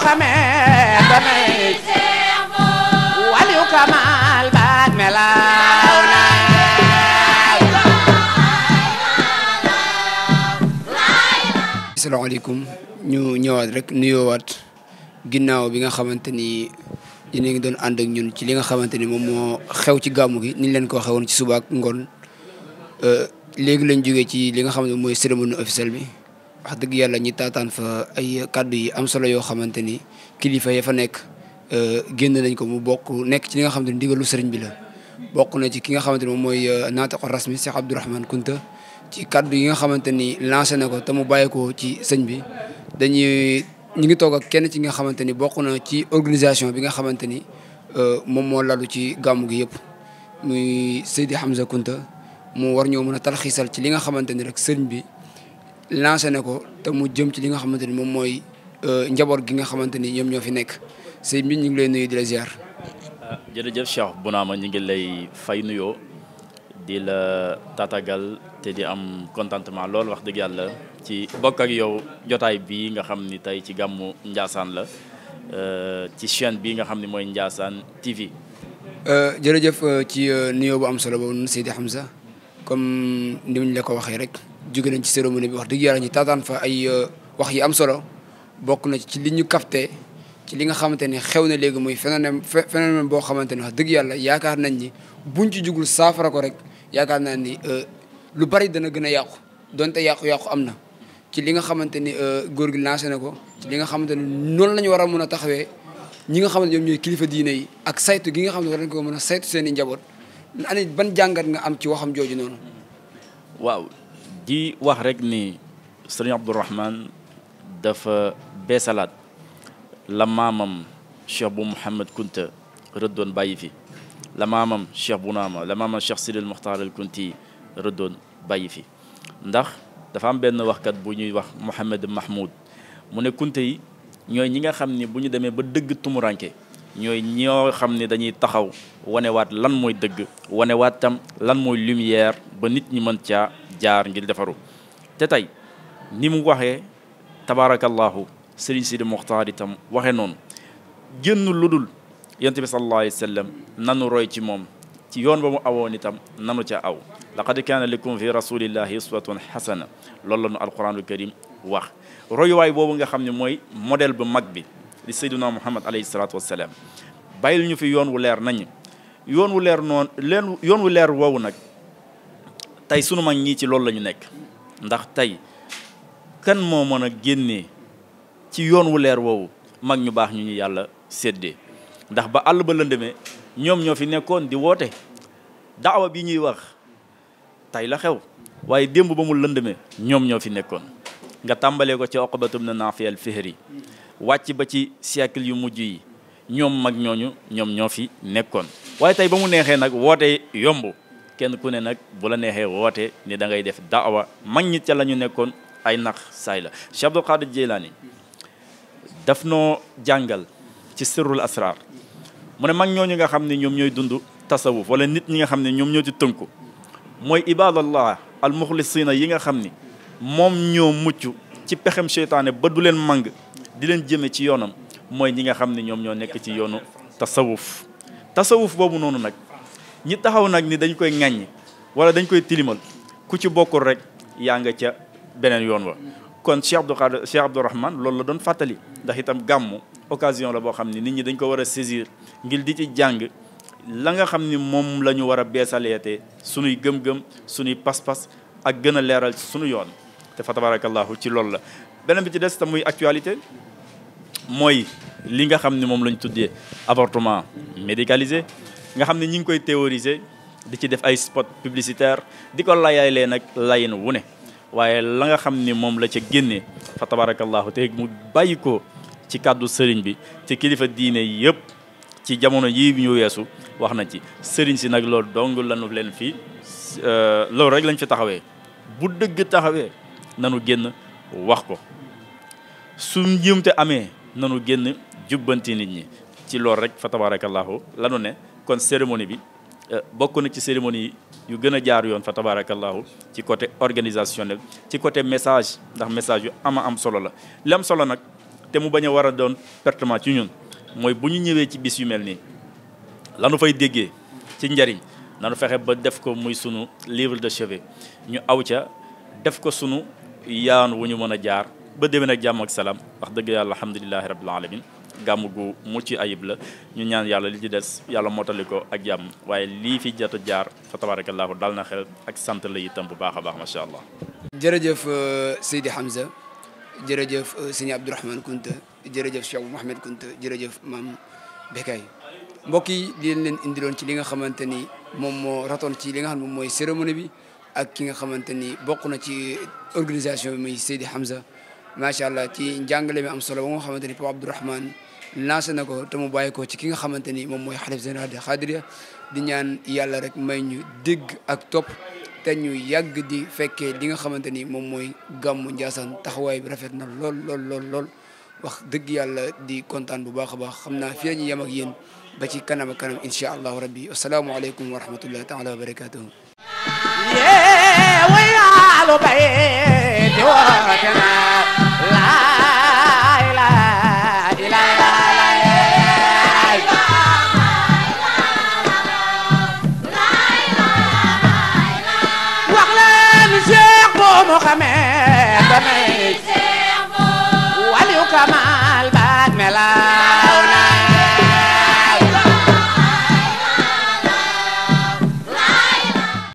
xamee damay waliw kamal baat melaw na asalaamaaleykum ñu ñëwaat rek nuyoowaat ginnaaw bi nga xamante ni yéen a ngi doon ànd ak ñun ci li nga xamante ni moom moo xew ci gàmmu gi ni ñu leen ko waxee woon ci suba ak ngoon euh, léegi lañ jógee ci li nga xam ne mooy cérémonie officielle bi wax dëgg yàlla ñi taataan fa ay kàddu yi am solo yoo xamante ni kilifa ya fa nekk euh, génn nañ ko mu bokku nekk ci li nga xamante ni ndigalu sëriñ bi la. bokk na ci ki nga xamante ni moom mooy euh, naataqo rasmi Cheikh Abdourahmane Kunta ci kàddu yi nga xamante ni lancé na ko te mu bàyyi ci sëñ bi dañuy ñu ngi toog ak kenn ci nga xamante ni bokk na ci organisation bi nga xamante ni euh, moom moo lalu ci gàmmu gi yëpp muy Seydi Hamza Kunta mu war ñoo mën a talxiisal ci li nga xamante ni rek sëñ bi. lancé na ko te mu jëm ci li nga xamante ni moom mooy euh, njaboot gi nga xamante ni ñoom ñoo fi nekk sëñ bi ñu ngi lay nuyu di la ziar. Ah, jërëjëf Cheikh Bounama ñu ngi lay fay nuyoo di la tatagal te di am contentement loolu wax dëgg yàlla ci bokk ak yow jotaay bi nga xam ni tey ci gàmmu Ndiassane la euh, ci chaîne bii nga xam ni mooy Ndiassane TV. Euh, jërëjëf ci nuyoo bu am solo boobu Seydi Hamza comme ni ñu la ko waxee rek. jóge nañ ci cérémonie bi wax dëgg yàlla ñu taataan fa ay euh, wax yi am solo bokk na ci li ñu capté ci li nga xamante ne xew na léegi muy phénomène phénomène boo xamante ne wax dëgg yàlla yaakaar nañ ni buñ ci jugul saafara ko rek yaakaar naa ni euh, lu bari dana gën a yàqu donte yàqu-yàqu am na ci li nga xamante ni euh, góor gi lancé na ko ci li nga xamante ni noonu la ñu war a mën a taxawee ñi nga xamante ñoom ñooy kilifa diine yi ak saytu gi nga xam ne war nañ ko mën a saytu seen i njaboot ani ban jàngat nga am ci waxam jooju noonu di wax rek ni serigne abdou rahman dafa bessalat la mamam cheikh bou mohammed Kunta redon bàyyi fi la mamam cheikh bou nama la mamam cheikh Sidil Muxtaar el Kunti redon bàyyi fi ndax dafa am ben wax kat bu ñuy wax mohammed Mahmoud mu ne Kunta yi ñoy ñi nga xamni bu ñu démé ba dëgg tumuranke ñooy ñoo xam ne dañuy taxaw wone wat lan mooy dëgg wat tam lan moy lumière ba nit ñi mën caa jaar ngir defaru te tay ni mu waxee tabarakallahu sëriñ Sidi Moxtaar itam waxee noonu génnul lu dul sallallahu alayhi wasallam nanu roy ci mom ci yoon ba mu awoon itam nanu ca aw laqad kana lakum fi rasulillahi uswatun hasana loolu la nu alquranul karim wax way bobu nga xamni moy model bu mag bi li sayduna muhammad alayhi salatu wassalam bayil ñu fi yoon wu leer nañ yoon wu leer non leen yoon wu leer woowu nak tey suñu mag ñii ci loolu la ñu nekk ndax tey kan moo mën a génnee ci yoon wu leer woowu mag ñu baax ñu ñu yàlla séddee ndax ba àll ba lëndëmee ñoom ñoo fi nekkoon di woote daawa bi ñuy wax tey la xew waaye démb ba mu lëndëmee ñoom ñoo fi nekkoon nga tàmbalee ko ci oqbatum na naafiyal yi wàcc ba ci siècle yu mujj yi ñoom mag ñooñu ñoom ñoo fi nekkoon waaye tey ba mu neexee nag woote yomb kenn ku ne nag bu la neexee woote ni da ngay def daawa mag ñi ca la ñu nekkoon ay nax saay la Cheikh Abdul Qadir Jeylaani daf noo jàngal ci sirrul asrar mu ne mag ñooñu nga xam ne ñoom ñooy dund tasawuf wala nit ñi nga xam ne ñoom ñoo ci tënku mooy ibadallah al muxlisina yi nga xam ni moom ñoo mucc ci pexem seytaane ba du leen mang di leen jëme ci yoonam mooy ñi nga xam ne ñoom ñoo nekk ci yoonu tasawuf tasawuf boobu noonu nag ñi taxaw nag ni dañ koy ŋàññi wala dañ koy tilimal ku ci bokkul rek yaa nga ca beneen yoon wa kon Cheikh Abdou Khadre Cheikh Abdourahmane loolu la doon fàttali ndax itam gàmmu occasion la boo xam ne nit ñi dañ ko war a saisir ngir di ci jàng la nga xam ni moom la ñu war a beesaleete sunuy gëm-gëm sunuy pas-pas ak gën a leeral sunu yoon te fa tabarakallahu ci loolu la beneen bi ci des te muy actualité mooy li nga xam ni moom la tuddee avortement médicalisé nga xam ne ñi ngi koy théoriser di ci def ay spot publicitaire di ko layaalee nag layin wu ne waaye la nga xam ni moom la ca génne fa tabarakallahu te mu bàyyi ko ci kàddu sëriñ bi te kilifa diine yëpp ci jamono yii ñu weesu wax na ci sëriñ si nag loolu dong lanu leen fi euh, loolu rek lañ fi taxawee bu dëgg taxawee nanu génn wax ko su njuumte amee nanu génn jubbanti nit ñi ci loolu rek fa tabarakallahu lanu ne kon cérémonie bi euh, bokk na ci cérémonie yu gën a jaar yoon fa tabarakallahu ci côté organisationnel ci côté message ndax message yu ama am solo la li am solo nag te mu bañ a war a doon pertement ci ñun mooy bu ñu ñëwee ci bis yu mel nii lanu fay déggee ci njariñ nanu fexe ba def ko muy sunu livre de chevet ñu aw ca def ko sunu yaan wu ñu mën a jaar ba déwén ak jàmm ak salaam wax dëgg yàlla alhamdulilahi rabbil alamin gàmm gu mucc ayib la ñu ñaan yàlla li ci des yàlla mottali ko ak jàmm waaye lii fi jata jaar fa tabaarakallaahu dal na xel ak sant la itam bu baax a baax macha allah. jërëjëf euh, Seydi Hamza jërëjëf euh, sëñ Abdourahmane Kounta jërëjëf Cheikh Mouhamed Kounta jërëjëf maam Bekay mbokk yi di leen leen indiloon ci li nga xamante ni moom moo ratoon ci li nga xam moom mooy cérémonie bi ak ki nga xamante ni bokk na ci organisation bi muy Seydi Hamza. macha allah ci njàngale mi am solo ba nga xamante ni Pape Abdourahmane lancé na ko te mu bàyyi ko ci ki nga xamante ni moom mooy xalif général de Xaadiriya di ñaan yàlla rek may ñu dégg ak top te ñu yàgg di fekkee li nga xamante ni moom mooy gàmmu Ndiassane taxawaay bi rafet na lool lool wax dëgg yàlla di kontaan bu baax a baax xam naa fi la ñu yem ak yéen ba ci kanam ak kanam incha allahu rabbi asalaamualeykum wa rahmatullahi taala wa barakatuhu